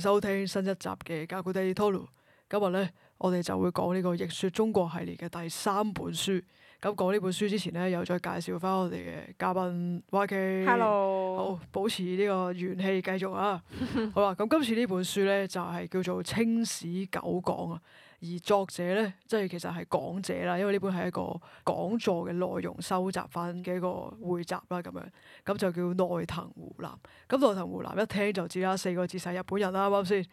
收聽新一集嘅《甲古地拖羅》，今日咧，我哋就會講呢、這個《逆說中國》系列嘅第三本書。咁講呢本書之前咧，又再介紹翻我哋嘅嘉賓 YK。Hello，好，保持呢個元氣繼續啊！ 好啦，咁今次呢本書咧就係、是、叫做《清史九講》啊。而作者咧，即係其實係講者啦，因為呢本係一個講座嘅內容收集翻嘅一個匯集啦，咁樣咁就叫內藤湖南。咁內藤湖南一聽就知啦，四個字晒日本人啦，啱啱先？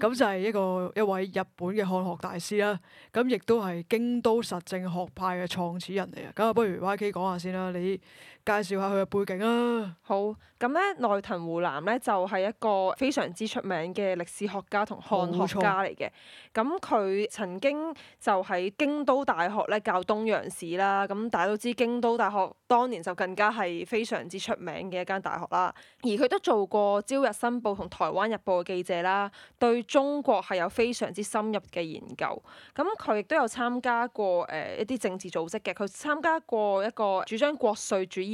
咁就係一個一位日本嘅漢學大師啦，咁亦都係京都實證學派嘅創始人嚟啊。咁啊，不如 YK 講下先啦，你。介紹下佢嘅背景啊！好，咁咧內藤湖南咧就係一個非常之出名嘅歷史學家同漢學家嚟嘅。咁佢曾經就喺京都大學咧教東洋史啦。咁大家都知京都大學當年就更加係非常之出名嘅一間大學啦。而佢都做過朝日新報同台灣日報嘅記者啦，對中國係有非常之深入嘅研究。咁佢亦都有參加過誒一啲政治組織嘅。佢參加過一個主張國粹主義。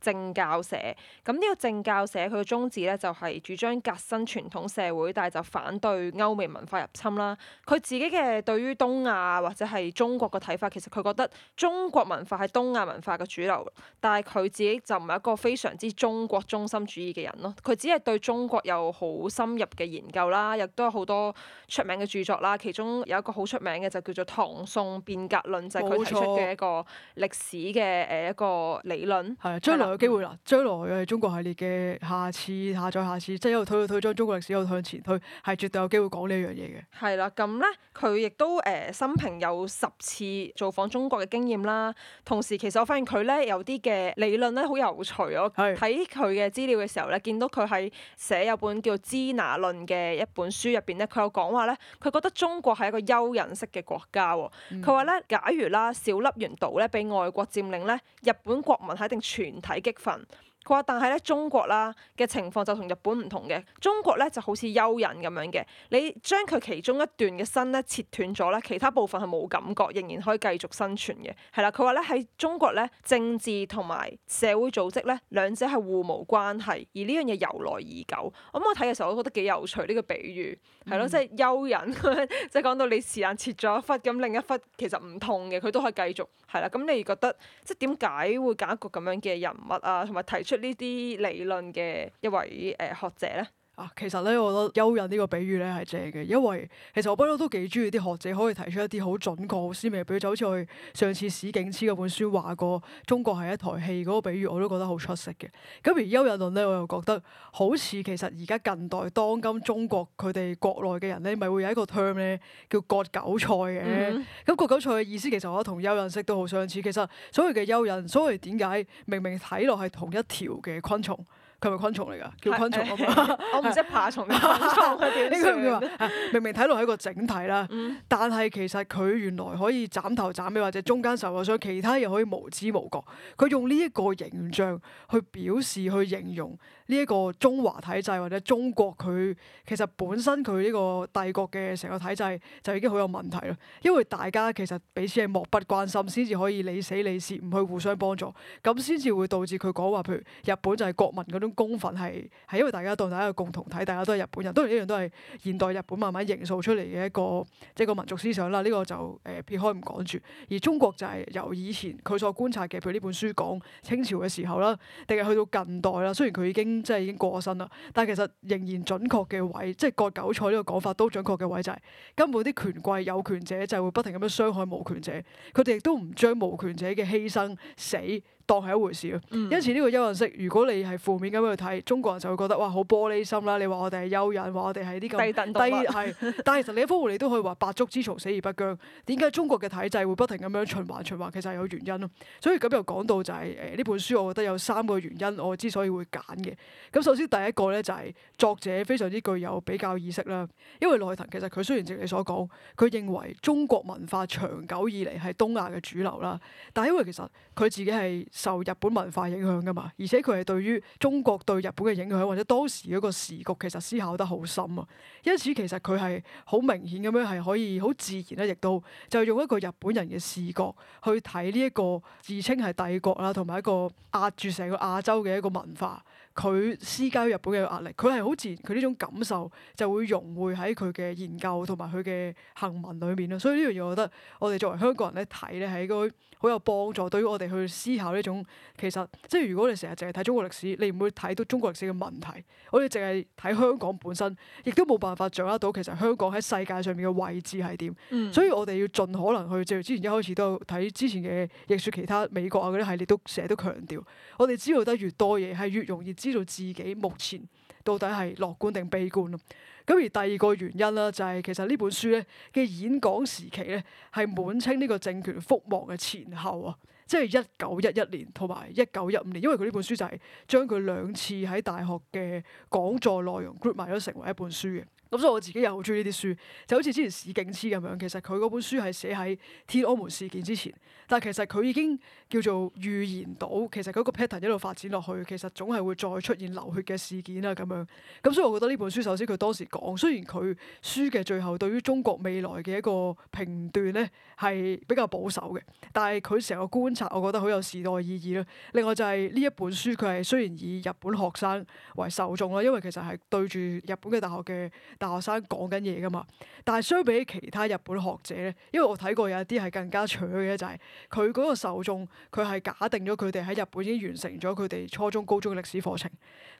政教社，咁、這、呢個政教社佢嘅宗旨咧，就係主張革新傳統社會，但係就反對歐美文化入侵啦。佢自己嘅對於東亞或者係中國嘅睇法，其實佢覺得中國文化係東亞文化嘅主流，但係佢自己就唔係一個非常之中國中心主義嘅人咯。佢只係對中國有好深入嘅研究啦，亦都有好多出名嘅著作啦。其中有一個好出名嘅就叫做《唐宋變革論》就係、是、佢提出嘅一個歷史嘅誒一個理論。冇錯，有機會啦！嗯、將來嘅中國系列嘅下次下載，下，再下次即係一路推到推咗中國歷史一路向前推，係絕對有機會講呢一樣嘢嘅。係啦，咁咧佢亦都誒，生平有十次造訪中國嘅經驗啦。同時其實我發現佢咧有啲嘅理論咧好有趣。我睇佢嘅資料嘅時候咧，見到佢喺寫有本叫《支那論》嘅一本書入邊咧，佢有講話咧，佢覺得中國係一個優人式嘅國家。佢話咧，假如啦小笠原島咧被外國佔領咧，日本國民係一定全體。激憤。哇！但係咧，中國啦嘅情況就同日本唔同嘅。中國咧就好似蚯蚓咁樣嘅，你將佢其中一段嘅身咧切斷咗咧，其他部分係冇感覺，仍然可以繼續生存嘅。係啦，佢話咧喺中國咧，政治同埋社會組織咧兩者係互無關係，而呢樣嘢由來已久。我諗我睇嘅時候，我覺得幾有趣呢個比喻，係咯，即係蚯蚓，即係講到你是但切咗一忽，咁另一忽其實唔痛嘅，佢都可以繼續係啦。咁你覺得即係點解會揀一個咁樣嘅人物啊？同埋提出？呢啲理論嘅一位誒學者咧？啊，其實咧，我覺得蚯蚓呢個比喻咧係正嘅，因為其實我不嬲都幾中意啲學者可以提出一啲好準確、好鮮明嘅比喻，就好似我哋上次史景遷嗰本書話過，中國係一台戲嗰個比喻，我都覺得好出色嘅。咁而蚯蚓論咧，我又覺得好似其實而家近代當今中國佢哋國內嘅人咧，咪會有一個 term 咧叫割韭菜嘅。咁、嗯、割韭菜嘅意思其實我覺得同蚯蚓式都好相似。其實所謂嘅蚯蚓，所謂點解明明睇落係同一條嘅昆蟲？佢係咪昆蟲嚟噶？叫昆蟲啊嘛， 我唔識爬蟲啊，唔知佢點算嘅 明明睇落係一個整體啦， 但係其實佢原來可以斬頭斬尾，或者中間受過傷，所以其他嘢可以無知無覺。佢用呢一個形象去表示、去形容。呢一個中華體制或者中國佢其實本身佢呢個帝國嘅成個體制就已經好有問題啦，因為大家其實彼此係漠不關心，先至可以你死你事，唔去互相幫助，咁先至會導致佢講話，譬如日本就係國民嗰種公憤係，係因為大家當下一個共同體，大家都係日本人，當然一樣都係現代日本慢慢營造出嚟嘅一個即係個民族思想啦。呢、這個就誒撇、呃、開唔講住，而中國就係由以前佢所觀察嘅，譬如呢本書講清朝嘅時候啦，定係去到近代啦，雖然佢已經。即係已經過身啦，但係其實仍然準確嘅位，即係割韭菜呢個講法都準確嘅位就係、是，根本啲權貴、有權者就係會不停咁樣傷害無權者，佢哋亦都唔將無權者嘅犧牲死。當係一回事、嗯、因此呢個蚯蚓式，如果你係負面咁去睇，中國人就會覺得哇好玻璃心啦。你話我哋係蚯蚓，話我哋係呢啲咁低等動物。係，但係其實你一華你都可以話百足之蟲死而不僵。點解中國嘅體制會不停咁樣循環循環？其實係有原因咯。所以咁又講到就係誒呢本書，我覺得有三個原因我之所以會揀嘅。咁首先第一個咧就係、是、作者非常之具有比較意識啦。因為內藤其實佢雖然正如你所講，佢認為中國文化長久以嚟係東亞嘅主流啦。但係因為其實佢自己係。受日本文化影響㗎嘛，而且佢係對於中國對日本嘅影響或者當時嗰個時局其實思考得好深啊，因此其實佢係好明顯咁樣係可以好自然啦，亦都就用一個日本人嘅視角去睇呢一個自稱係帝國啦，同埋一個壓住成個亞洲嘅一個文化。佢私交日本嘅壓力，佢係好自然，佢呢種感受就會融匯喺佢嘅研究同埋佢嘅行文裏面囉。所以呢樣嘢，我覺得我哋作為香港人咧睇咧，係應該好有幫助，對於我哋去思考呢種其實，即係如果你成日淨係睇中國歷史，你唔會睇到中國歷史嘅問題。我哋淨係睇香港本身，亦都冇辦法掌握到其實香港喺世界上面嘅位置係點。嗯，所以我哋要盡可能去，正如之前一開始都有睇之前嘅逆說其他美國啊嗰啲系列都成日都強調，我哋知道得越多嘢，係越容易知。知道自己目前到底係樂觀定悲觀咯。咁而第二個原因啦，就係其實呢本書咧嘅演講時期咧係滿清呢個政權覆亡嘅前後啊，即係一九一一年同埋一九一五年，因為佢呢本書就係將佢兩次喺大學嘅講座內容 group 埋咗成為一本書嘅。咁所以我自己又好中意呢啲書，就好似之前史景遷咁樣，其實佢嗰本書係寫喺天安門事件之前，但其實佢已經叫做預言到，其實嗰個 pattern 一路發展落去，其實總係會再出現流血嘅事件啊咁樣。咁所以我覺得呢本書首先佢當時講，雖然佢書嘅最後對於中國未來嘅一個評斷咧係比較保守嘅，但係佢成個觀察，我覺得好有時代意義咯。另外就係呢一本書佢係雖然以日本學生為受眾啦，因為其實係對住日本嘅大學嘅。大學生講緊嘢噶嘛，但係相比起其他日本學者咧，因為我睇過有一啲係更加搶嘅，就係佢嗰個受眾，佢係假定咗佢哋喺日本已經完成咗佢哋初中、高中嘅歷史課程，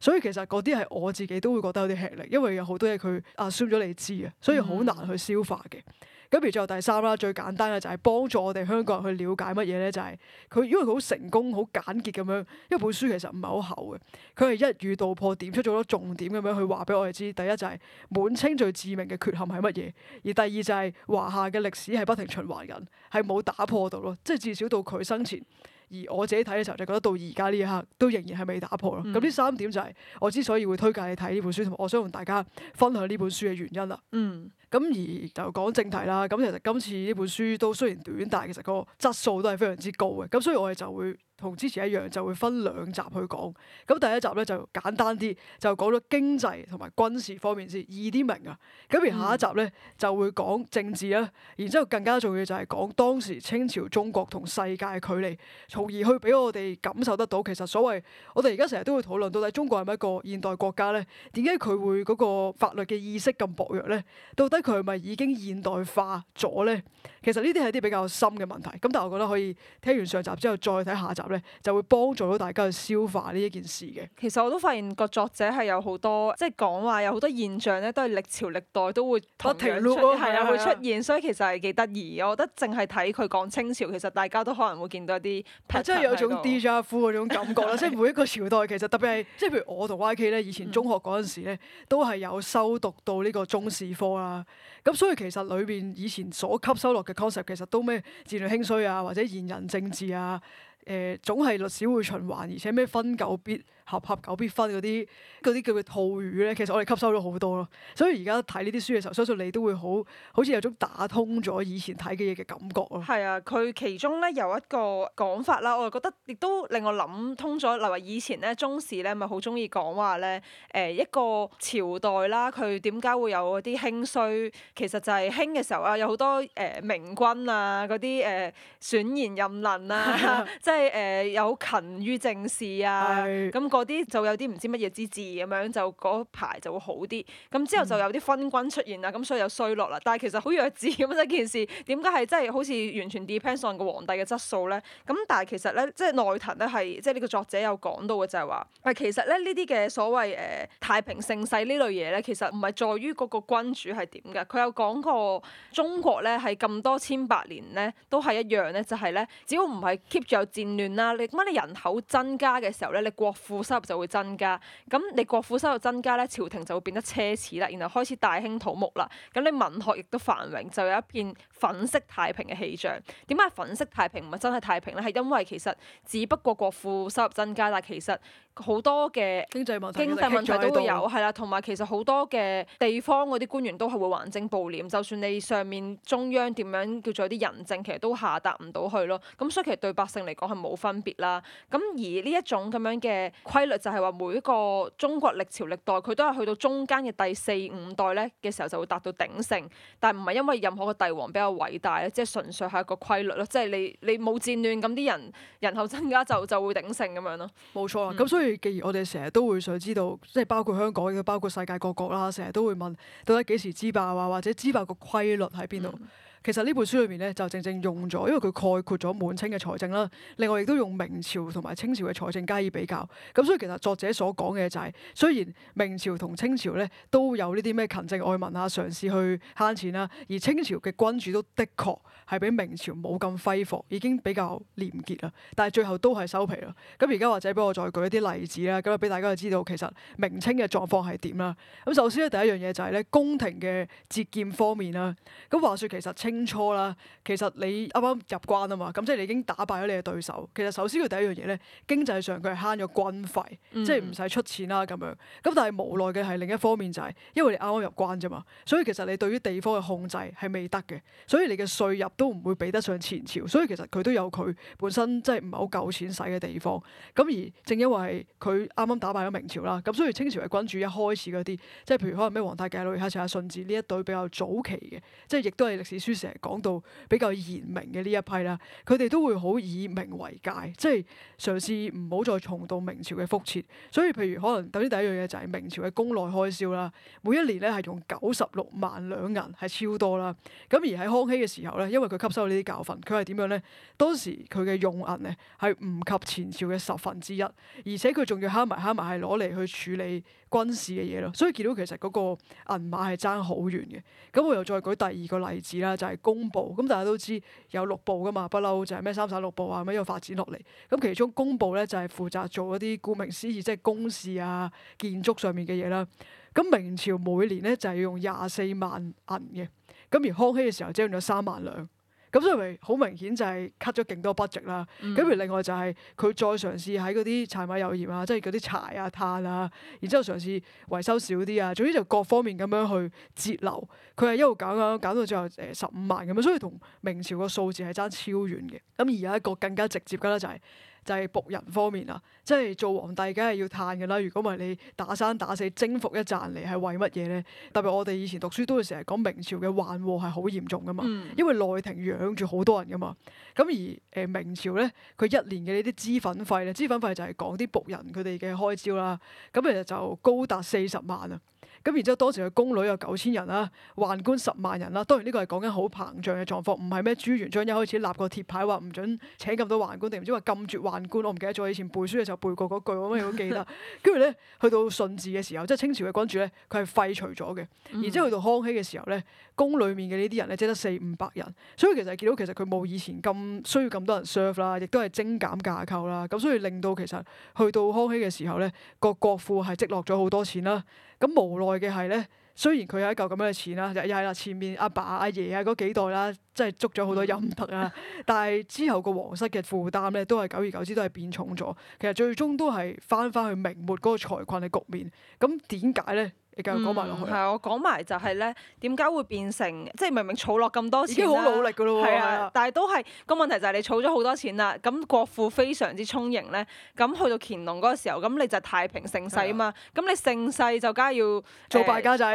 所以其實嗰啲係我自己都會覺得有啲吃力，因為有好多嘢佢假設咗你知啊，所以好難去消化嘅。嗯。咁而最後第三啦，最簡單嘅就係幫助我哋香港人去了解乜嘢咧？就係、是、佢因為佢好成功、好簡潔咁樣，一本書其實唔係好厚嘅，佢係一語道破，點出咗好多重點咁樣去話俾我哋知。第一就係滿清最致命嘅缺陷係乜嘢，而第二就係華夏嘅歷史係不停循環緊，係冇打破到咯。即係至少到佢生前，而我自己睇嘅時候就覺得到而家呢一刻都仍然係未打破咯。咁呢、嗯、三點就係我之所以會推介你睇呢本書，同我想同大家分享呢本書嘅原因啦。嗯。咁而就講正題啦，咁其實今次呢本書都雖然短，但係其實個質素都係非常之高嘅，咁所以我哋就會。同之前一樣，就會分兩集去講。咁第一集咧就簡單啲，就講咗經濟同埋軍事方面先，易啲明啊。咁而下一集咧就會講政治啦，啊，然之後更加重要就係講當時清朝中國同世界嘅距離，從而去俾我哋感受得到其實所謂我哋而家成日都會討論，到底中國係咪一個現代國家咧？點解佢會嗰個法律嘅意識咁薄弱咧？到底佢係咪已經現代化咗咧？其實呢啲係啲比較深嘅問題。咁但係我覺得可以聽完上集之後再睇下集。就會幫助到大家去消化呢一件事嘅。其實我都發現個作者係有好多即係講話有好多現象咧，都係歷朝歷代都會不停出，係啊會出現，所以其實係幾得意。我覺得淨係睇佢講清朝，其實大家都可能會見到一啲，特特即係有種 D J F 嗰種感覺啦。即係 每一個朝代，其實特別係即係譬如我同 Y K 咧，以前中學嗰陣時咧，都係有修讀到呢個中史科啦。咁所以其實裏邊以前所吸收落嘅 concept 其實都咩治亂興衰啊，或者賢人政治啊。 誒，總係歷史會循環，而且咩分久必合合久必分嗰啲，嗰啲叫佢套語咧，其實我哋吸收咗好多咯。所以而家睇呢啲書嘅時候，相信你都會好好似有種打通咗以前睇嘅嘢嘅感覺咯。係啊，佢其中咧有一個講法啦，我又覺得亦都令我諗通咗。例如以前咧，中史咧咪好中意講話咧，誒、呃、一個朝代啦，佢點解會有啲興衰？其實就係興嘅時候啊，有好多誒、呃、明君啊，嗰啲誒選賢任能啊，即係誒有勤於政事啊，咁嗰啲就有啲唔知乜嘢之治咁樣，就嗰排就會好啲。咁之後就有啲昏君出現啦，咁所以有衰落啦。但係其實好弱智咁樣一件事，點解係真係好似完全 depends on 個皇帝嘅質素咧？咁但係其實咧，即係內藤咧係即係呢個作者有講到嘅就係話喂其實咧呢啲嘅所謂誒、呃、太平盛世類呢類嘢咧，其實唔係在於嗰個君主係點嘅。佢有講過中國咧係咁多千百年咧都係一樣咧，就係、是、咧只要唔係 keep 住有戰亂啦，你乜你人口增加嘅時候咧，你國。庫。收入就會增加，咁你國庫收入增加咧，朝廷就會變得奢侈啦，然後開始大興土木啦，咁你文學亦都繁榮，就有一片粉飾太平嘅氣象。點解粉飾太平唔係真係太平咧？係因為其實只不過國庫收入增加，但係其實。好多嘅經濟問題，經濟問題都會有，係啦，同埋其實好多嘅地方嗰啲官員都係會橫徵暴斂，就算你上面中央點樣叫做有啲仁政其實都下達唔到去咯。咁所以其實對百姓嚟講係冇分別啦。咁而呢一種咁樣嘅規律就係話每一個中國歷朝歷代佢都係去到中間嘅第四五代咧嘅時候就會達到鼎盛，但唔係因為任何個帝王比較偉大咧，即係純粹係一個規律咯。即係你你冇戰亂咁啲人人口增加就就會鼎盛咁樣咯。冇錯。咁，嗯，所以。既然我哋成日都會想知道，即係包括香港，亦都包括世界各國啦，成日都會問到底幾時知爆啊，或者知爆個規律喺邊度？嗯其實呢本書裏面咧就正正用咗，因為佢概括咗滿清嘅財政啦。另外亦都用明朝同埋清朝嘅財政加以比較。咁所以其實作者所講嘅嘢就係，雖然明朝同清朝咧都有呢啲咩勤政愛民啊，嘗試去慳錢啊，而清朝嘅君主都的確係比明朝冇咁揮霍，已經比較廉潔啦。但係最後都係收皮啦。咁而家或者俾我再舉一啲例子啦，咁啊俾大家知道其實明清嘅狀況係點啦。咁首先第一樣嘢就係咧宮廷嘅節儉方面啦。咁話說其實清清初啦，其實你啱啱入關啊嘛，咁即係你已經打敗咗你嘅對手。其實首先佢第一樣嘢咧，經濟上佢係慳咗軍費，嗯、即係唔使出錢啦、啊、咁樣。咁但係無奈嘅係另一方面就係、是，因為你啱啱入關啫嘛，所以其實你對於地方嘅控制係未得嘅，所以你嘅稅入都唔會比得上前朝。所以其實佢都有佢本身即係唔係好夠錢使嘅地方。咁而正因為佢啱啱打敗咗明朝啦，咁所以清朝係君主一開始嗰啲，即係譬如可能咩皇太極、努爾哈赤、阿順治呢一隊比較早期嘅，即係亦都係歷史書。成日講到比較嚴明嘅呢一批啦，佢哋都會好以明為戒，即係嘗試唔好再重蹈明朝嘅覆轍。所以譬如可能等於第一樣嘢就係明朝嘅宮內開銷啦，每一年咧係用九十六萬兩銀，係超多啦。咁而喺康熙嘅時候咧，因為佢吸收呢啲教訓，佢係點樣咧？當時佢嘅用銀咧係唔及前朝嘅十分之一，而且佢仲要慳埋慳埋，係攞嚟去處理。軍事嘅嘢咯，所以見到其實嗰個銀碼係爭好遠嘅。咁我又再舉第二個例子啦，就係工部。咁大家都知有六部噶嘛，不嬲就係咩三省六部啊，咁樣發展落嚟。咁其中工部咧就係負責做一啲顧名思義，即係工事啊、建築上面嘅嘢啦。咁明朝每年咧就係要用廿四萬銀嘅，咁而康熙嘅時候只用咗三萬兩。咁所以咪好明顯就係 cut 咗勁多 budget 啦，咁、嗯、而另外就係佢再嘗試喺嗰啲柴米油鹽啊，即係嗰啲柴啊、炭啊，然之後嘗試維修少啲啊，總之就各方面咁樣去節流。佢係一路減啊減到最後誒十五萬咁樣，所以同明朝個數字係爭超遠嘅。咁而有一個更加直接嘅咧就係、是。就係僕人方面啦，即係做皇帝梗係要嘆嘅啦。如果唔係你打生打死征服一陣嚟，係為乜嘢咧？特別我哋以前讀書都會成日講明朝嘅宦禍係好嚴重噶嘛，因為內廷養住好多人噶嘛。咁而誒、呃、明朝咧，佢一年嘅呢啲脂粉費咧，脂粉費就係講啲僕人佢哋嘅開銷啦。咁其實就高達四十萬啊！咁然之後，當時嘅宮女有九千人啦，宦官十萬人啦。當然呢個係講緊好膨脹嘅狀況，唔係咩？朱元璋一開始立個鐵牌話唔准請咁多宦官，定唔知話禁絕宦官，我唔記得咗。以前背書嘅時候背過嗰句，我乜嘢都記得。跟住咧，去到順治嘅時候，即係清朝嘅君主咧，佢係廢除咗嘅。然之後去到康熙嘅時候咧，宮裡面嘅呢啲人咧，只得四五百人。所以其實見到其實佢冇以前咁需要咁多人 serve 啦，亦都係精簡架，架構啦。咁所以令到其實去到康熙嘅時候咧，個國庫係積落咗好多錢啦。咁無奈嘅係咧，雖然佢有一嚿咁樣嘅錢啦，又係啦，前面阿爸阿爺啊嗰幾代啦，真係捉咗好多陰德啊， 但係之後個皇室嘅負擔咧，都係久而久之都係變重咗。其實最終都係返返去明末嗰個財困嘅局面。咁點解咧？而講埋落去係啊！我講埋就係咧，點解會變成即係明明儲落咁多錢已經好努力嘅咯喎！係啊，但係都係個問題就係你儲咗好多錢啦，咁國庫非常之充盈咧，咁去到乾隆嗰個時候，咁你就太平盛世啊嘛，咁你盛世就梗係要做敗家仔，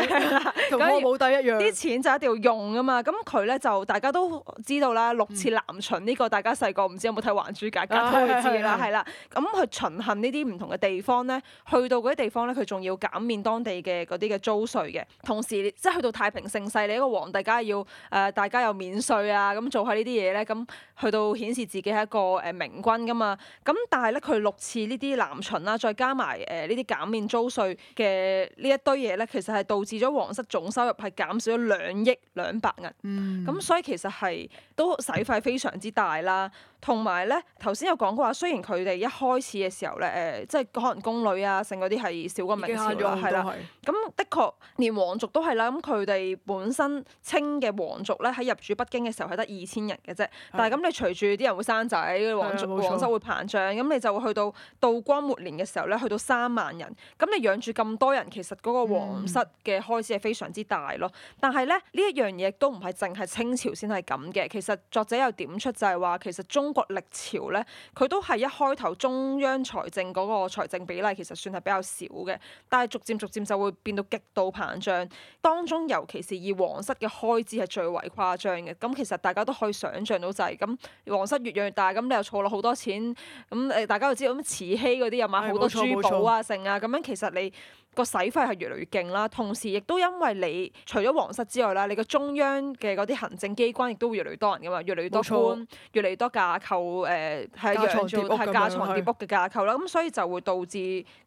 同我冇得一樣。啲錢就一定要用啊嘛，咁佢咧就大家都知道啦，六次南巡呢個大家細個唔知有冇睇《還珠格格》知啦，係啦，咁去巡行呢啲唔同嘅地方咧，去到嗰啲地方咧，佢仲要減免當地嘅。啲嘅租稅嘅，同時即係去到太平盛世，你一個皇帝梗係要誒、呃，大家又免稅啊，咁做下呢啲嘢咧，咁去到顯示自己係一個誒、呃、明君㗎嘛。咁但係咧，佢六次呢啲南巡啦，再加埋誒呢啲減免租稅嘅呢一堆嘢咧，其實係導致咗皇室總收入係減少咗兩億兩百銀。咁、嗯、所以其實係都使費非常之大啦。同埋咧，頭先有講過話，雖然佢哋一開始嘅時候咧，誒、呃，即係可能宮女啊，剩嗰啲係少過明朝，係啦。咁是的確，連皇族都係啦。咁佢哋本身清嘅皇族咧，喺入主北京嘅時候係得二千人嘅啫。是但係咁，你隨住啲人會生仔，皇族皇室會膨脹，咁你就會去到道光末年嘅時候咧，去到三萬人。咁你養住咁多人，其實嗰個皇室嘅開支係非常之大咯。嗯、但係咧，呢一樣嘢都唔係淨係清朝先係咁嘅。其實作者又點出就係話，其實中國歷朝咧，佢都係一開頭中央財政嗰個財政比例其實算係比較少嘅，但係逐漸逐漸就會變到極度膨脹。當中尤其是以皇室嘅開支係最為誇張嘅。咁其實大家都可以想象到就係、是、咁，皇室越養越大，咁你又儲咗好多錢，咁誒大家又知道咁慈禧嗰啲又買好多珠寶啊、剩啊，咁樣其實你，個使費係越嚟越勁啦，同時亦都因為你除咗皇室之外啦，你個中央嘅嗰啲行政機關亦都會越嚟越多人噶嘛，越嚟越多官，錯越嚟越多架構誒，係叫做係架床疊屋嘅架構啦，咁、啊、所以就會導致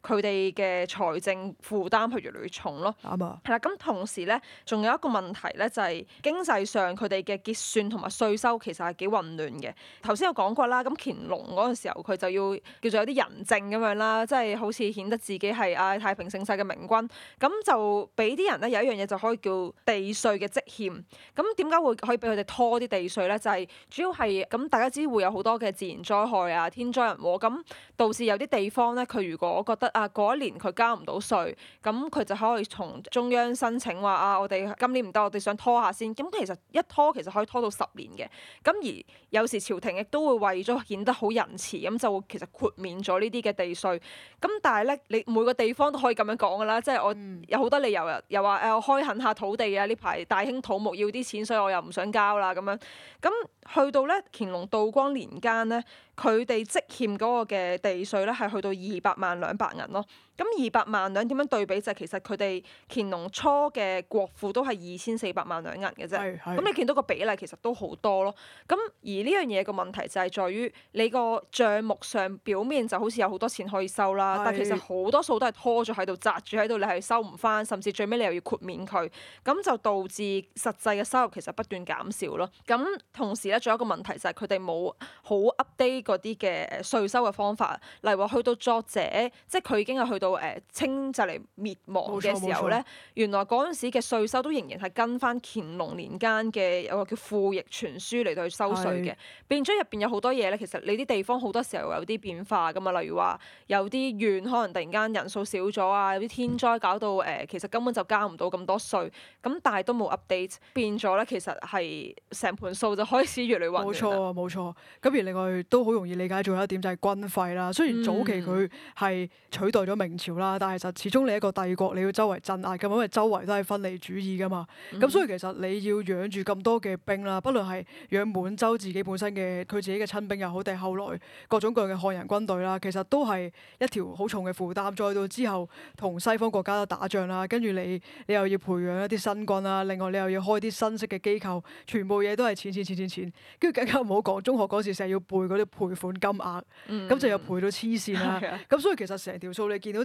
佢哋嘅財政負擔係越嚟越重咯。啱、嗯、啊。係啦，咁同時咧，仲有一個問題咧，就係、是、經濟上佢哋嘅結算同埋稅收其實係幾混亂嘅。頭先有講過啦，咁乾隆嗰個時候佢就要叫做有啲仁政咁樣啦，即、就、係、是、好似顯得自己係啊太平盛世。嘅明君，咁就俾啲人咧，有一樣嘢就可以叫地稅嘅積欠。咁點解會可以俾佢哋拖啲地稅咧？就係主要係咁，大家知會有好多嘅自然災害啊、天災人禍，咁導致有啲地方咧，佢如果覺得啊嗰一年佢交唔到稅，咁佢就可以從中央申請話啊，我哋今年唔得，我哋想拖下先。咁其實一拖其實可以拖到十年嘅。咁而有時朝廷亦都會為咗顯得好仁慈，咁就會其實豁免咗呢啲嘅地稅。咁但係咧，你每個地方都可以咁樣講。講噶啦，即係我有好多理由又又話誒，我開墾下土地啊，呢排大興土木要啲錢，所以我又唔想交啦咁樣。咁去到咧乾隆道光年間咧，佢哋積欠嗰個嘅地稅咧，係去到二百萬兩白銀咯。咁二百萬兩點樣對比就係、是、其實佢哋乾隆初嘅國庫都係二千四百萬兩銀嘅啫，咁你見到個比例其實都好多咯。咁而呢樣嘢個問題就係在於你個帳目上表面就好似有好多錢可以收啦，是但其實好多數都係拖咗喺度、擲住喺度，你係收唔翻，甚至最尾你又要豁免佢，咁就導致實際嘅收入其實不斷減少咯。咁同時咧，仲有一個問題就係佢哋冇好 update 嗰啲嘅稅收嘅方法，例如話去到作者，即係佢已經係去到。到清就嚟滅亡嘅時候咧，原來嗰陣時嘅稅收都仍然係跟翻乾隆年間嘅有個叫傳《賦役全書》嚟到去收稅嘅，變咗入邊有好多嘢咧。其實你啲地方好多時候有啲變化噶嘛，例如話有啲縣可能突然間人數少咗啊，有啲天災搞到誒，其實根本就交唔到咁多稅，咁但係都冇 update，變咗咧其實係成盤數就開始越嚟越混。冇錯，冇錯。咁而另外都好容易理解，仲有一點就係軍費啦。雖然早期佢係取代咗明嗯朝啦，但係就始終你一個帝國，你要周圍鎮壓咁，因為周圍都係分離主義噶嘛。咁、mm hmm. 所以其實你要養住咁多嘅兵啦，不論係養滿洲自己本身嘅佢自己嘅親兵又好，定係後來各種各樣嘅漢人軍隊啦，其實都係一條好重嘅負擔。再到之後同西方國家打仗啦，跟住你你又要培養一啲新軍啦，另外你又要開啲新式嘅機構，全部嘢都係錢錢錢錢錢，跟住更加唔好講中學嗰時成日要背嗰啲賠款金額，咁、mm hmm. 就又賠到黐線啦。咁 Okay. 所以其實成條數你見到。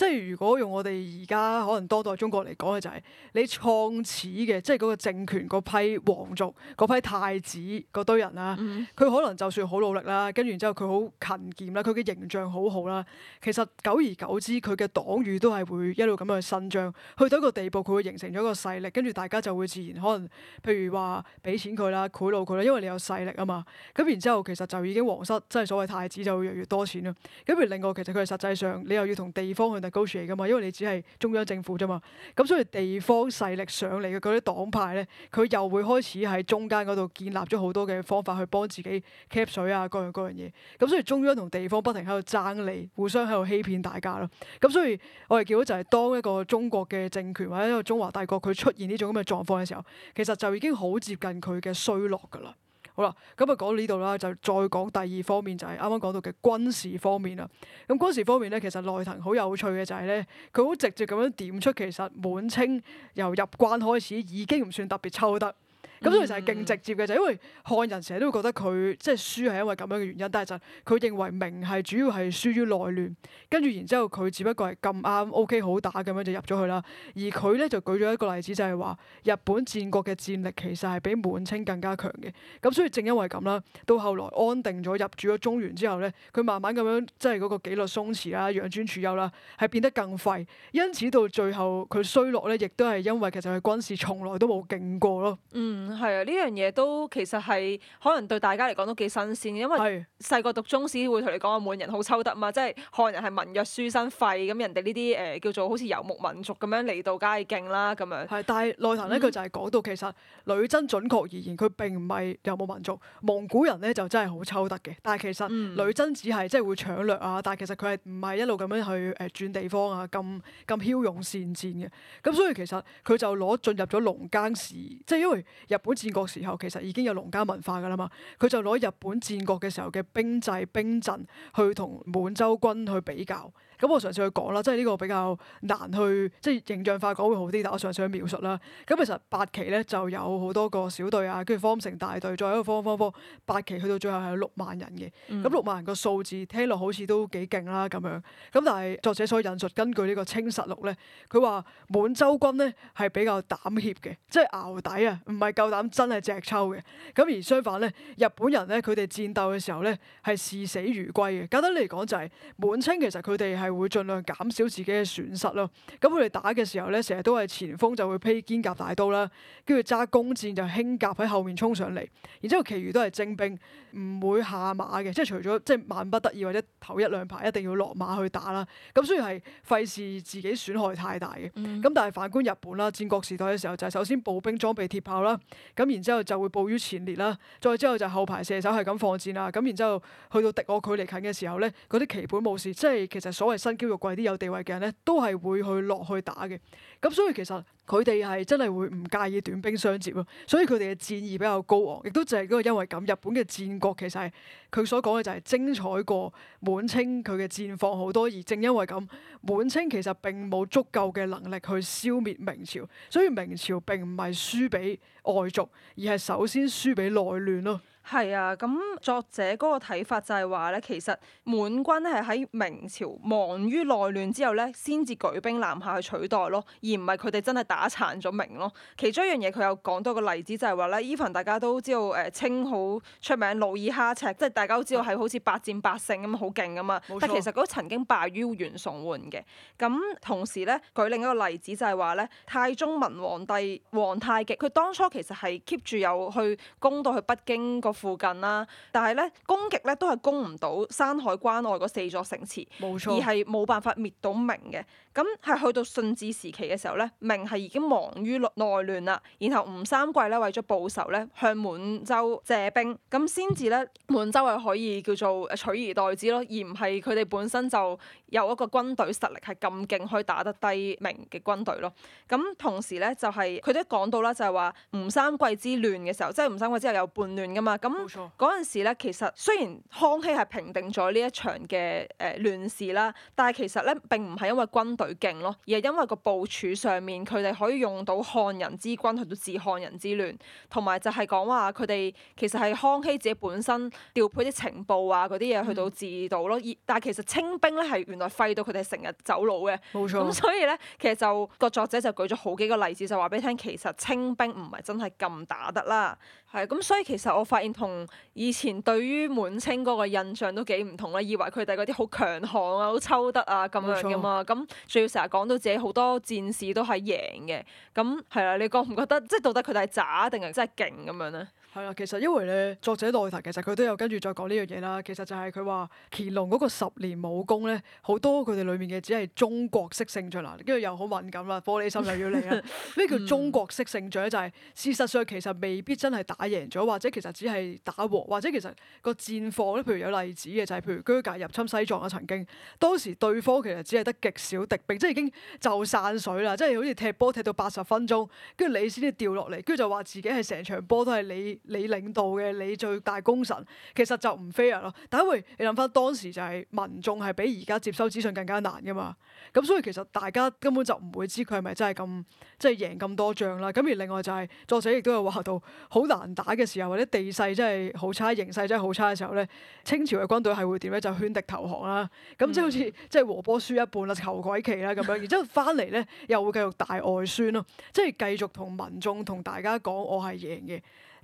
即係如果用我哋而家可能當代中國嚟講嘅就係、是、你創始嘅，即係嗰個政權嗰批皇族嗰批太子嗰堆人啦、啊，佢、嗯、可能就算好努力啦，跟住然之後佢好勤儉啦，佢嘅形象好好啦。其實久而久之佢嘅黨羽都係會一路咁樣伸張，去到一個地步佢會形成咗一個勢力，跟住大家就會自然可能譬如話俾錢佢啦、賄賂佢啦，因為你有勢力啊嘛。咁然之後其實就已經皇室即係、就是、所謂太子就會越嚟越多錢啦。咁而另外其實佢哋實際上你又要同地方去高處嚟噶嘛？因為你只係中央政府啫嘛，咁所以地方勢力上嚟嘅嗰啲黨派咧，佢又會開始喺中間嗰度建立咗好多嘅方法去幫自己 cap 水啊，各樣各樣嘢。咁所以中央同地方不停喺度爭利，互相喺度欺騙大家咯。咁所以我哋見到就係當一個中國嘅政權或者一個中華大國，佢出現呢種咁嘅狀況嘅時候，其實就已經好接近佢嘅衰落噶啦。好啦，咁啊講到呢度啦，就再講第二方面，就係啱啱講到嘅軍事方面啦。咁軍事方面咧，其實內藤好有趣嘅就係、是、咧，佢好直接咁樣點出其實滿清由入關開始已經唔算特別抽得。咁所以就係勁直接嘅，就是、是因為漢人成日都會覺得佢即係輸係因為咁樣嘅原因，但係就佢認為明係主要係輸於內亂，跟住然之後佢只不過係咁啱 OK 好打咁樣就入咗去啦。而佢咧就舉咗一個例子就，就係話日本戰國嘅戰力其實係比滿清更加強嘅。咁所以正因為咁啦，到後來安定咗入主咗中原之後咧，佢慢慢咁樣即係嗰個紀律鬆弛啦、養尊處優啦，係變得更廢。因此到最後佢衰落咧，亦都係因為其實佢軍事從來都冇勁過咯。嗯。係啊，呢樣嘢都其實係可能對大家嚟講都幾新鮮，因為細個讀中史會同你講啊，滿人好抽得嘛，即係漢人係文弱書生廢，咁人哋呢啲誒叫做好似游牧民族咁樣嚟到街勁啦咁樣。但係內藤呢，佢就係講到其實女真準確而言，佢並唔係遊牧民族，蒙古人呢，就真係好抽得嘅。但係其實女真只係、嗯、即係會搶掠啊，但係其實佢係唔係一路咁樣去誒轉、呃、地方啊，咁咁驕勇善戰嘅。咁所以其實佢就攞進入咗農耕時，即係因為入。日本戰國時候其實已經有農家文化㗎啦嘛，佢就攞日本戰國嘅時候嘅兵制、兵陣去同滿洲軍去比較。咁我上次去講啦，即係呢個比較難去即係形象化講會好啲，但我上次去描述啦。咁其實八旗咧就有好多個小隊啊，跟住方城大隊，再一個方方方，方八旗去到最後係六萬人嘅。咁、嗯、六萬人個數字聽落好似都幾勁啦咁樣。咁但係作者所引述根據呢個《清實錄》咧，佢話滿洲軍咧係比較膽怯嘅，即係淆底啊，唔係夠膽真係隻抽嘅。咁而相反咧，日本人咧佢哋戰鬥嘅時候咧係視死如歸嘅。簡單嚟講就係、是、滿清其實佢哋係。會盡量減少自己嘅損失咯。咁佢哋打嘅時候咧，成日都係前鋒就會披肩甲大刀啦，跟住揸弓箭就輕甲喺後面衝上嚟。然之後其餘都係精兵，唔會下馬嘅，即係除咗即係萬不得已或者頭一兩排一定要落馬去打啦。咁雖然係費事自己損害太大嘅，咁、嗯、但係反觀日本啦，戰國時代嘅時候就係、是、首先步兵裝備鐵炮啦，咁然之後就會步於前列啦，再之後就後排射手係咁放箭啦。咁然之後去到敵我距離近嘅時候咧，嗰啲旗本武士即係其實所謂。身嬌肉貴啲有地位嘅人咧，都係會去落去打嘅。咁所以其實佢哋係真係會唔介意短兵相接咯。所以佢哋嘅戰意比較高昂，亦都就係因為咁，日本嘅戰國其實係佢所講嘅就係精彩過滿清佢嘅戰況好多。而正因為咁，滿清其實並冇足夠嘅能力去消滅明朝，所以明朝並唔係輸俾外族，而係首先輸俾內亂咯。係啊，咁作者嗰個睇法就係話咧，其實滿軍咧係喺明朝忙於內亂之後咧，先至舉兵南下去取代咯，而唔係佢哋真係打殘咗明咯。其中一樣嘢佢有講到個例子就，就係話咧，伊凡大家都知道誒清好出名努爾哈赤，即係大家都知道係好似百戰百勝咁好勁啊嘛。錯但其實佢曾經敗於袁崇煥嘅。咁同時咧，舉另一個例子就係話咧，太宗文皇帝皇太極佢當初其實係 keep 住有去攻到去北京附近啦，但係咧，攻擊咧都係攻唔到山海關外嗰四座城池，冇錯，而係冇辦法滅到明嘅。咁係去到順治時期嘅時候咧，明係已經忙於內亂啦。然後吳三桂咧為咗報仇咧，向滿洲借兵，咁先至咧滿洲係可以叫做取而代之咯，而唔係佢哋本身就有一個軍隊實力係咁勁，可以打得低明嘅軍隊咯。咁同時咧就係佢都講到啦，就係話吳三桂之亂嘅時候，即係吳三桂之後有叛亂噶嘛。咁嗰陣時咧，其實雖然康熙係平定咗呢一場嘅誒亂事啦，但係其實咧並唔係因為軍隊勁咯，而係因為個部署上面佢哋可以用到漢人之軍去到治漢人之亂，同埋就係講話佢哋其實係康熙自己本身調配啲情報啊嗰啲嘢去到治到咯。嗯、但係其實清兵咧係原來廢到佢哋成日走佬嘅。冇沒錯。咁所以咧，其實就個作者就舉咗好幾個例子，就話俾你聽其實清兵唔係真係咁打得啦。係咁，所以其實我發現同以前對於滿清嗰個印象都幾唔同啦，以為佢哋嗰啲好強悍啊、好抽得啊咁樣㗎嘛，咁仲要成日講到自己好多戰事都係贏嘅，咁係啊，你覺唔覺得即係到底佢哋係渣定係真係勁咁樣咧？係啦，其實因為咧，作者內藤其實佢都有跟住再講呢樣嘢啦。其實就係佢話乾隆嗰個十年武功咧，好多佢哋裡面嘅只係中國式勝仗啦，跟住又好敏感啦，玻璃心又要嚟啦。咩 叫中國式勝仗咧？就係、是、事實上其實未必真係打贏咗，或者其實只係打和，或者其實個戰況咧，譬如有例子嘅就係、是、譬如噶爾入侵西藏啊，曾經當時對方其實只係得極少敵兵，即係已經就散水啦，即係好似踢波踢到八十分鐘，跟住你先至掉落嚟，跟住就話自己係成場波都係你。你領導嘅你最大功臣，其實就唔 fair 咯。但係因為你諗翻當時就係民眾係比而家接收資訊更加難噶嘛，咁所以其實大家根本就唔會知佢係咪真係咁即係贏咁多仗啦。咁而另外就係、是、作者亦都有話到，好難打嘅時候或者地勢真係好差、形勢真係好差嘅時候咧，清朝嘅軍隊係會點咧？就圈敵投降啦。咁即係好似即係和波輸一半啦、求鬼旗啦咁樣，然之後翻嚟咧又會繼續大外宣咯，即、就、係、是、繼續同民眾同大家講我係贏嘅。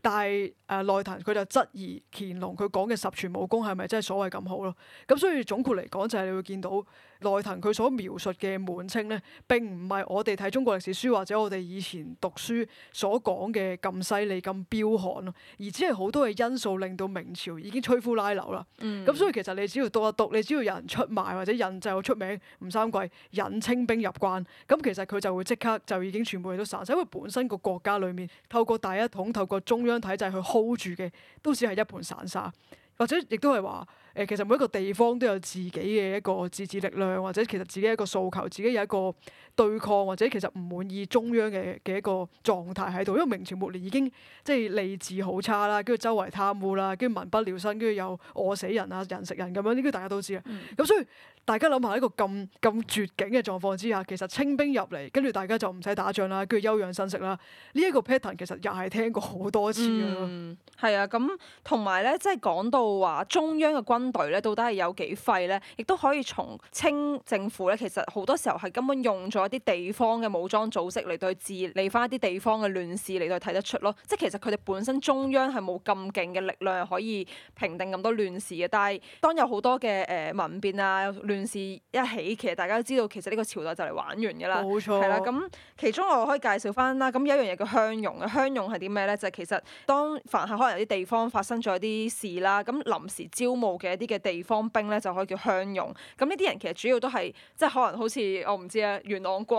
但係誒、呃、內藤佢就質疑乾隆佢講嘅十全武功係咪真係所謂咁好咯？咁所以總括嚟講就係你會見到。內藤佢所描述嘅滿清咧，並唔係我哋睇中國歷史書或者我哋以前讀書所講嘅咁犀利、咁彪悍咯，而只係好多嘅因素令到明朝已經摧枯拉朽啦。咁、嗯、所以其實你只要讀一讀，你只要有人出賣或者引製好出名吳三桂引清兵入關，咁其實佢就會即刻就已經全部人都散晒。因為本身個國家裡面透過大一統、透過中央體制去 hold 住嘅，都只係一盤散沙，或者亦都係話。誒其實每一個地方都有自己嘅一個自治力量，或者其實自己一個訴求，自己有一個對抗，或者其實唔滿意中央嘅嘅一個狀態喺度。因為明朝末年已經即係吏治好差啦，跟住周圍貪污啦，跟住民不聊生，跟住又餓死人啊，人食人咁樣，呢個大家都知啦。咁、嗯、所以。大家諗下一個咁咁絕境嘅狀況之下，其實清兵入嚟，跟住大家就唔使打仗啦，跟住休養生息啦。呢、這、一個 pattern 其實又係聽過好多次咯。係、嗯、啊，咁同埋咧，即係講到話中央嘅軍隊咧，到底係有幾廢咧，亦都可以從清政府咧，其實好多時候係根本用咗一啲地方嘅武裝組織嚟對治理翻一啲地方嘅亂事嚟對睇得出咯。即係其實佢哋本身中央係冇咁勁嘅力量可以平定咁多亂事嘅。但係當有好多嘅誒、呃、民變啊亂亂事一起，其實大家都知道，其實呢個朝代就嚟玩完噶啦。冇錯錯，係啦。咁其中我可以介紹翻啦。咁有一樣嘢叫鄉勇啊，鄉勇係啲咩咧？就係其實當凡係可能有啲地方發生咗一啲事啦，咁臨時招募嘅一啲嘅地方兵咧，就可以叫鄉勇。咁呢啲人其實主要都係即係可能好似我唔知咧，元朗國，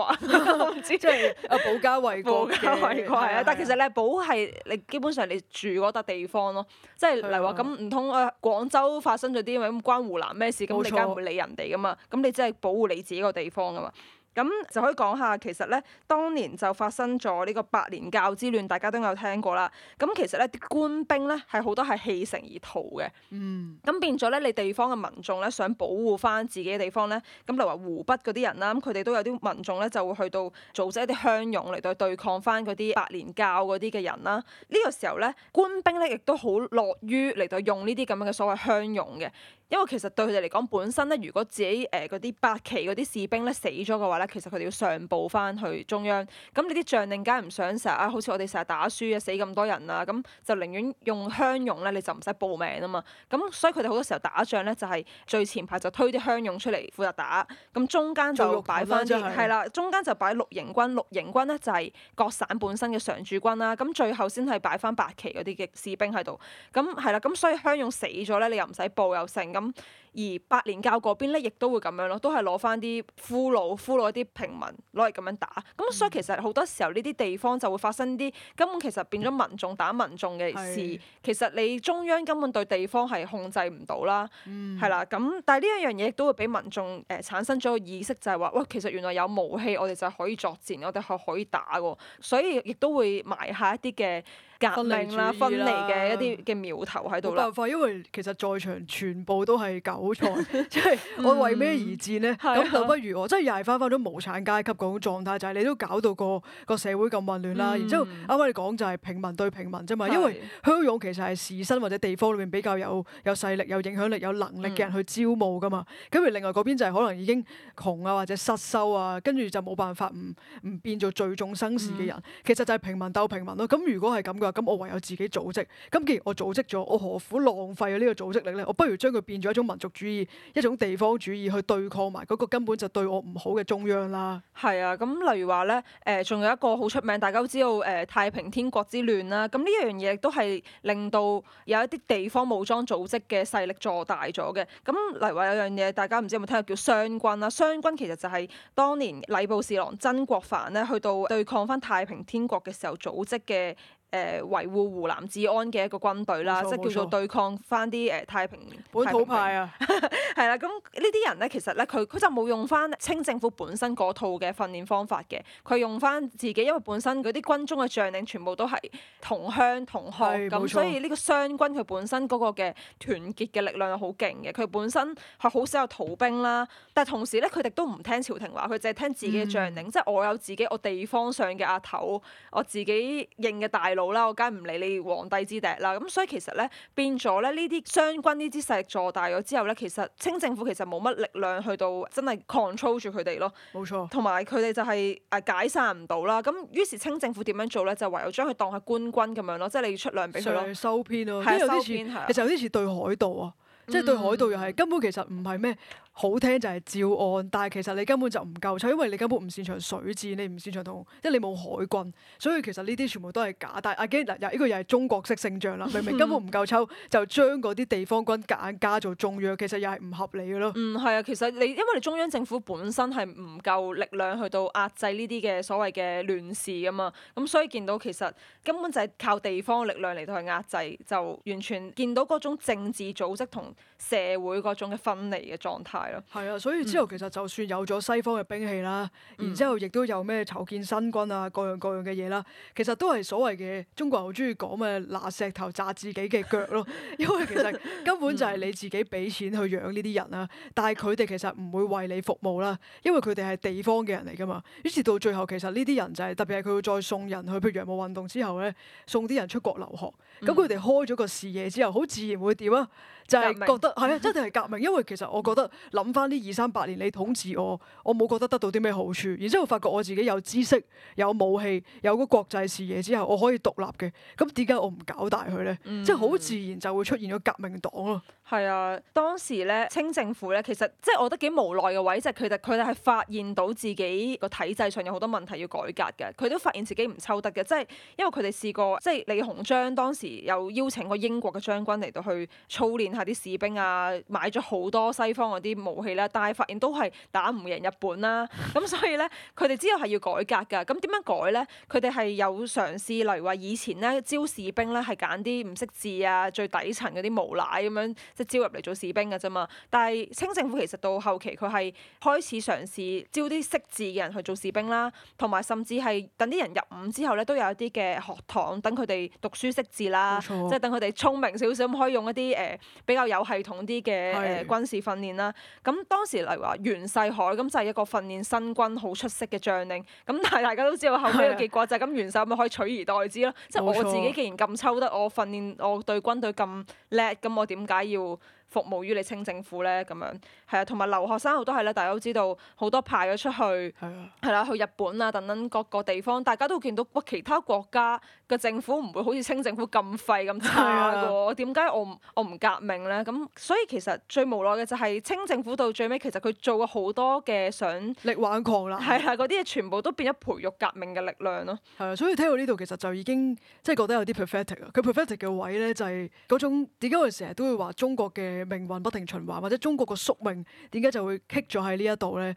我唔知即係保家衛國嘅。係啊， 但其實呢保係你基本上你住嗰笪地方咯，即係例如話咁唔通啊廣州發生咗啲咁關湖南咩事？咁你梗唔會理人哋。噶嘛，咁你只係保護你自己個地方噶嘛，咁就可以講下。其實咧當年就發生咗呢個白蓮教之亂，大家都有聽過啦。咁其實咧，啲官兵咧係好多係棄城而逃嘅，嗯，咁變咗咧，你地方嘅民眾咧想保護翻自己嘅地方咧，咁例如湖北嗰啲人啦，咁佢哋都有啲民眾咧就會去到組織一啲鄉勇嚟到對抗翻嗰啲白蓮教嗰啲嘅人啦。呢、這個時候咧，官兵咧亦都好樂於嚟到用呢啲咁樣嘅所謂鄉勇嘅。因為其實對佢哋嚟講，本身咧如果自己誒嗰啲八旗嗰啲士兵咧死咗嘅話咧，其實佢哋要上報翻去中央。咁你啲將領梗係唔想成日啊，好似我哋成日打輸啊，死咁多人啊，咁就寧願用鄉勇咧，你就唔使報名啊嘛。咁所以佢哋好多時候打仗咧，就係、是、最前排就推啲鄉勇出嚟負責打，咁中間就擺翻啲，係啦、就是，中間就擺綠營軍，綠營軍咧就係、是、各省本身嘅常駐軍啦。咁最後先係擺翻八旗嗰啲嘅士兵喺度。咁係啦，咁所以鄉勇死咗咧，你又唔使報又剩。咁而白蓮教嗰邊咧，亦都會咁樣咯，都係攞翻啲俘虜、俘虜啲平民攞嚟咁樣打。咁所以其實好多時候呢啲地方就會發生啲根本其實變咗民眾打民眾嘅事。是其實你中央根本對地方係控制唔到啦，係啦的。咁但係呢一樣嘢亦都會俾民眾誒、呃、產生咗個意識，就係話：哇，其實原來有武器，我哋就可以作戰，我哋係可以打㗎。所以亦都會埋下一啲嘅。革命啦，分離嘅一啲嘅苗頭喺度啦。因為其實在場全部都係韭菜，即係我為咩而戰咧？咁就不如我，即係又係翻翻咗無產階級嗰種狀態，就係你都搞到個個社會咁混亂啦。然之後啱啱你講就係平民對平民啫嘛，因為鄉勇其實係士紳或者地方裏面比較有有勢力、有影響力、有能力嘅人去招募噶嘛。咁而另外嗰邊就係可能已經窮啊或者失收啊，跟住就冇辦法唔唔變做聚眾生事嘅人。其實就係平民鬥平民咯。咁如果係咁嘅。咁我唯有自己組織，咁既然我組織咗，我何苦浪費呢個組織力呢？我不如將佢變咗一種民族主義、一種地方主義去對抗埋嗰個根本就對我唔好嘅中央啦。係啊，咁例如話咧，誒、呃、仲有一個好出名，大家都知道誒、呃、太平天國之亂啦。咁呢一樣嘢都係令到有一啲地方武裝組織嘅勢力坐大咗嘅。咁例如話有樣嘢，大家唔知有冇聽過叫湘軍啦？湘軍其實就係當年禮部侍郎曾國藩呢去到對抗翻太平天國嘅時候組織嘅。誒維護湖南治安嘅一個軍隊啦，錯即係叫做對抗翻啲誒太平本土派啊平，係啦。咁呢啲人咧，其實咧佢佢就冇用翻清政府本身嗰套嘅訓練方法嘅，佢用翻自己，因為本身嗰啲軍中嘅將領全部都係同鄉同學咁，所以呢個湘軍佢本身嗰個嘅團結嘅力量係好勁嘅，佢本身係好少有逃兵啦。但係同時咧，佢哋都唔聽朝廷話，佢淨係聽自己嘅將領，嗯、即係我有自己我地方上嘅阿頭，我自己認嘅大陸。老啦，我梗係唔理你皇帝之敵啦。咁所以其實咧，變咗咧呢啲湘軍呢支勢力坐大咗之後咧，其實清政府其實冇乜力量去到真係 control 住佢哋咯。冇錯，同埋佢哋就係誒解散唔到啦。咁於是清政府點樣做咧？就唯有將佢當係官軍咁樣咯，即係你要出糧俾佢收編咯。係收編其實有啲似對海盜啊，即係、嗯、哼對海盜又係根本其實唔係咩。好聽就係招安，但係其實你根本就唔夠抽，因為你根本唔擅長水戰，你唔擅長同，即係你冇海軍，所以其實呢啲全部都係假。但係阿堅嗱，又呢個又係中國式勝仗啦，明明，根本唔夠抽，就將嗰啲地方軍夾硬加做中央，其實又係唔合理嘅咯。嗯，係啊，其實你因為你中央政府本身係唔夠力量去到壓制呢啲嘅所謂嘅亂事㗎嘛，咁所以見到其實根本就係靠地方嘅力量嚟到去壓制，就完全見到嗰種政治組織同社會嗰種嘅分離嘅狀態。係咯，係啊，所以之後其實就算有咗西方嘅兵器啦，嗯、然之後亦都有咩籌建新軍啊，各樣各樣嘅嘢啦，其實都係所謂嘅中國人好中意講咩「拿石頭砸自己嘅腳」咯， 因為其實根本就係你自己俾錢去養呢啲人啊，但係佢哋其實唔會為你服務啦，因為佢哋係地方嘅人嚟噶嘛，於是到最後其實呢啲人就係、是、特別係佢會再送人去，譬如洋務運動之後咧，送啲人出國留學。咁佢哋開咗個視野之後，好自然會點啊？就係覺得係啊，一定係革命，因為其實我覺得諗翻呢二三百年你統治我，我冇覺得得到啲咩好處。然之後發覺我自己有知識、有武器、有個國際視野之後，我可以獨立嘅。咁點解我唔搞大佢咧？即係好自然就會出現咗革命黨咯。係啊，當時咧清政府咧，其實即係我覺得幾無奈嘅位，就係其實佢哋係發現到自己個體制上有好多問題要改革嘅，佢都發現自己唔抽得嘅。即係因為佢哋試過，即係李鴻章當時。又邀請過英國嘅將軍嚟到去操練下啲士兵啊，買咗好多西方嗰啲武器啦，但係發現都係打唔贏日本啦。咁所以咧，佢哋之後係要改革噶咁點樣改咧？佢哋係有嘗試，例如話以前咧招士兵咧係揀啲唔識字啊、最底層嗰啲無賴咁樣即係招入嚟做士兵㗎啫嘛。但係清政府其實到後期佢係開始嘗試招啲識字嘅人去做士兵啦，同埋甚至係等啲人入伍之後咧都有一啲嘅學堂等佢哋讀書識字啦。啊！沒即係等佢哋聰明少少咁，可以用一啲誒、呃、比較有系統啲嘅、呃、軍事訓練啦。咁是的 當時例如話袁世凱咁就係一個訓練新軍好出色嘅將領。咁但係大家都知道後尾嘅結果是的 就係咁，袁世凱咪可以取而代之咯。即係是的 我自己既然咁抽得，我訓練我對軍隊咁叻，咁我點解要？服務於你清政府咧咁樣，係啊，同埋留學生好多係咧，大家都知道好多派咗出去，係啊，啦、啊，去日本啊等等各個地方，大家都見到國其他國家嘅政府唔會好似清政府咁廢咁差嘅喎，點解、啊、我我唔革命咧？咁所以其實最無奈嘅就係清政府到最尾，其實佢做過好多嘅想力挽狂瀾，係啦、啊，嗰啲嘢全部都變咗培育革命嘅力量咯。係啊，所以聽到呢度其實就已經即係覺得有啲 prophetic 啊，佢 prophetic 嘅位咧就係嗰種點解我哋成日都會話中國嘅。命運不停循環，或者中國個宿命點解就會棘咗喺呢一度呢？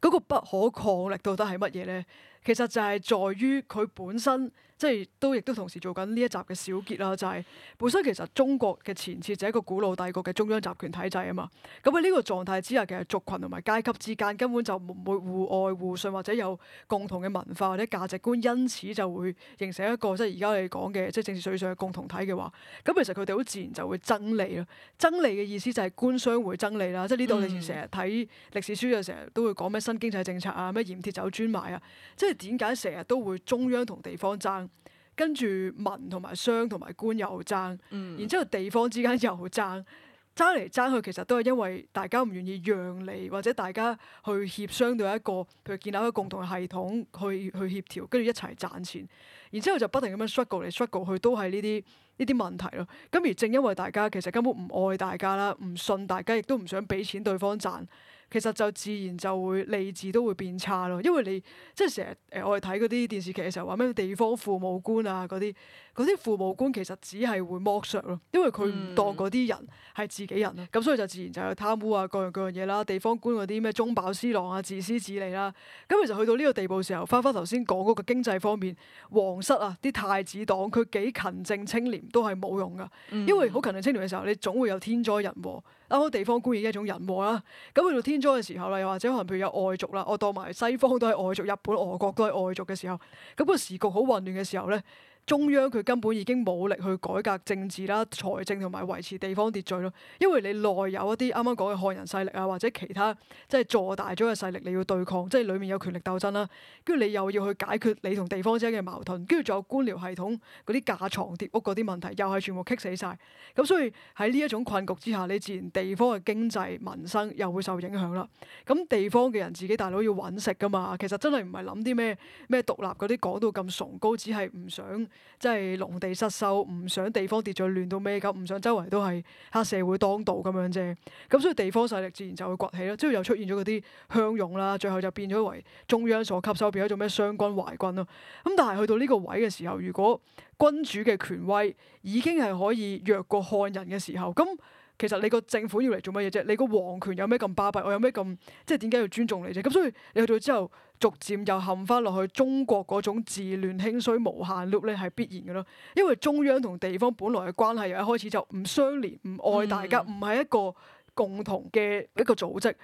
嗰個不可抗力到底係乜嘢呢？其實就係在於佢本身。即係都亦都同時做緊呢一集嘅小結啦，就係本身其實中國嘅前設就係一個古老帝國嘅中央集權體制啊嘛。咁喺呢個狀態之下，其實族群同埋階級之間根本就唔會互愛互信，或者有共同嘅文化或者價值觀，因此就會形成一個即係而家你講嘅即係政治上嘅共同體嘅話。咁其實佢哋好自然就會爭利啦。爭利嘅意思就係官商會爭利啦。即係呢度你哋成日睇歷史書就成日都會講咩新經濟政策啊，咩鹽鐵酒專賣啊。即係點解成日都會中央同地方爭？跟住民同埋商同埋官又好爭，嗯、然之後地方之間又好爭，爭嚟爭去其實都係因為大家唔願意讓利，或者大家去協商到一個，譬如建立一個共同嘅系統去去協調，跟住一齊賺錢，然之後就不停咁樣 shuggle 嚟 shuggle 去都，都係呢啲呢啲問題咯。咁而正因為大家其實根本唔愛大家啦，唔信大家亦都唔想俾錢對方賺。其實就自然就會吏治都會變差咯，因為你即係成日誒我哋睇嗰啲電視劇嘅時候話咩地方父母官啊嗰啲，嗰啲父母官其實只係會剝削咯，因為佢唔當嗰啲人係自己人咧，咁、嗯、所以就自然就有貪污啊各樣各樣嘢啦，地方官嗰啲咩中飽私囊啊自私自利啦，啊，咁其實去到呢個地步時候，翻返頭先講嗰個經濟方面，皇室啊啲太子黨佢幾勤政清廉都係冇用噶，嗯、因為好勤政清廉嘅時候你總會有天災人禍，啱好地方官已經係一種人禍啦，咁去到天嗰個時候啦，又或者可能譬如有外族喇，我當埋西方都係外族，日本、俄國都係外族嘅時候，噉個時局好混亂嘅時候咧。中央佢根本已經冇力去改革政治啦、財政同埋維持地方秩序咯，因為你內有一啲啱啱講嘅漢人勢力啊，或者其他即係坐大咗嘅勢力，你要對抗，即係裏面有權力鬥爭啦。跟住你又要去解決你同地方之間嘅矛盾，跟住仲有官僚系統嗰啲架床疊屋嗰啲問題又係全部棘死晒，咁所以喺呢一種困局之下，你自然地方嘅經濟民生又會受影響啦。咁地方嘅人自己大佬要揾食噶嘛，其實真係唔係諗啲咩咩獨立嗰啲講到咁崇高，只係唔想。即係農地失收，唔想地方秩序亂到咩咁，唔想周圍都係黑社會當道咁樣啫。咁所以地方勢力自然就會崛起啦。之後又出現咗嗰啲鄉勇啦，最後就變咗為中央所吸收，變咗做咩湘軍淮軍咯。咁但係去到呢個位嘅時候，如果君主嘅權威已經係可以弱過漢人嘅時候，咁其實你個政府要嚟做乜嘢啫？你個皇權有咩咁巴閉？我有咩咁即係點解要尊重你啫？咁所以你去到之後。逐漸又陷翻落去中國嗰種自亂興衰無限 loop 咧，係必然嘅咯。因為中央同地方本來嘅關係由一開始就唔相連、唔愛大家，唔係、嗯、一個共同嘅一個組織。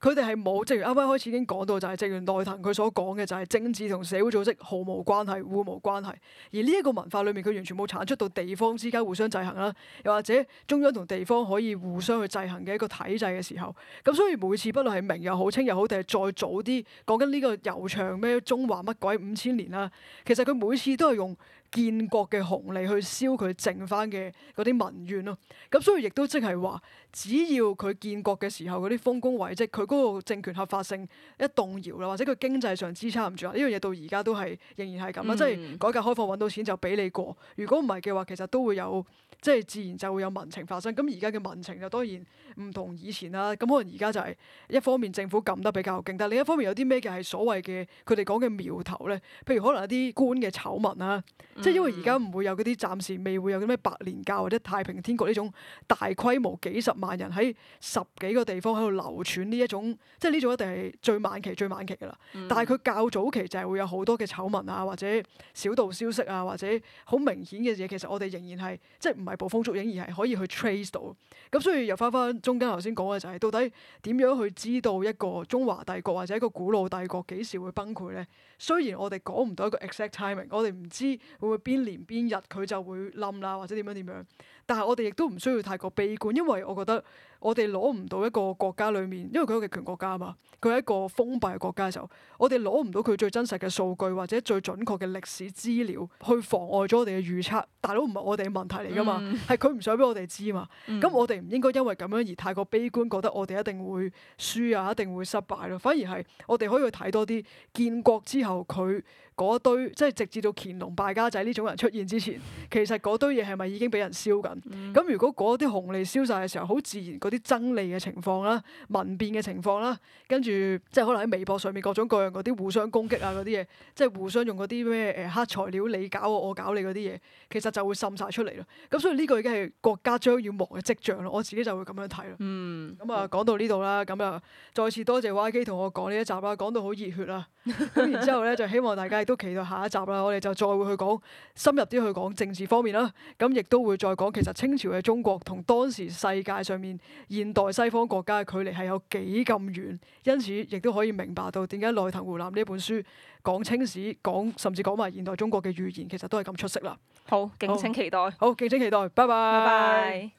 佢哋係冇，正如啱啱開始已經講到，就係內藤。佢所講嘅，就係政治同社會組織毫無關係、互無關係。而呢一個文化裏面，佢完全冇產出到地方之間互相制衡啦，又或者中央同地方可以互相去制衡嘅一個體制嘅時候。咁所以每次，不論係明又好、清又好，定係再早啲講緊呢個悠長咩中華乜鬼五千年啦、啊，其實佢每次都係用。建國嘅紅利去燒佢剩翻嘅嗰啲民怨咯，咁所以亦都即係話，只要佢建國嘅時候嗰啲豐功偉績，佢嗰個政權合法性一動搖啦，或者佢經濟上支撐唔住啦，呢樣嘢到而家都係仍然係咁啦，嗯、即係改革開放揾到錢就俾你過，如果唔係嘅話，其實都會有即係自然就會有民情發生，咁而家嘅民情就當然，唔同以前啦、啊，咁、嗯、可能而家就係一方面政府撳得比較勁，但另一方面有啲咩嘅係所謂嘅佢哋講嘅苗頭咧？譬如可能一啲官嘅醜聞啦，嗯、即係因為而家唔會有嗰啲暫時未會有啲咩白蓮教或者太平天國呢種大規模幾十萬人喺十幾個地方喺度流傳呢一種即係呢種一定係最晚期、最晚期噶啦。嗯、但係佢較早期就係會有好多嘅醜聞啊，或者小道消息啊，或者好明顯嘅嘢，其實我哋仍然係即係唔係捕風捉影，而係可以去 trace 到。咁、嗯、所以又翻翻。中間頭先講嘅就係到底點樣去知道一個中華帝國或者一個古老帝國幾時會崩潰呢？雖然我哋講唔到一個 exact timing，我哋唔知會唔會邊年邊日佢就會冧啦，或者點樣點樣。但係我哋亦都唔需要太過悲觀，因為我覺得我哋攞唔到一個國家裏面，因為佢係極權國家嘛，佢係一個封閉嘅國家嘅時候，我哋攞唔到佢最真實嘅數據或者最準確嘅歷史資料，去妨礙咗我哋嘅預測。大佬唔係我哋嘅問題嚟噶嘛，係佢唔想俾我哋知嘛。咁、嗯、我哋唔應該因為咁樣而太過悲觀，覺得我哋一定會輸啊，一定會失敗咯。反而係我哋可以去睇多啲建國之後佢。嗰堆即係直至到乾隆敗家仔呢種人出現之前，其實嗰堆嘢係咪已經俾人燒緊？咁如果嗰啲紅利燒晒嘅時候，好自然嗰啲爭利嘅情況啦、民變嘅情況啦，跟住即係可能喺微博上面各種各樣嗰啲互相攻擊啊嗰啲嘢，即係互相用嗰啲咩誒黑材料你搞我，我搞你嗰啲嘢，其實就會滲晒出嚟啦。咁所以呢個已經係國家將要亡嘅跡象咯。我自己就會咁樣睇啦。嗯，咁啊講到呢度啦，咁啊再次多謝 YK 同我講呢一集啦，講到好熱血啦。咁然之後咧就希望大家都期待下一集啦！我哋就再會去講，深入啲去講政治方面啦。咁亦都會再講，其實清朝嘅中國同當時世界上面現代西方國家嘅距離係有幾咁遠，因此亦都可以明白到點解《內藤湖南》呢本書講清史，講甚至講埋現代中國嘅語言，其實都係咁出色啦。好，敬請期待。好，敬請期待。拜拜。拜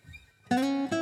拜。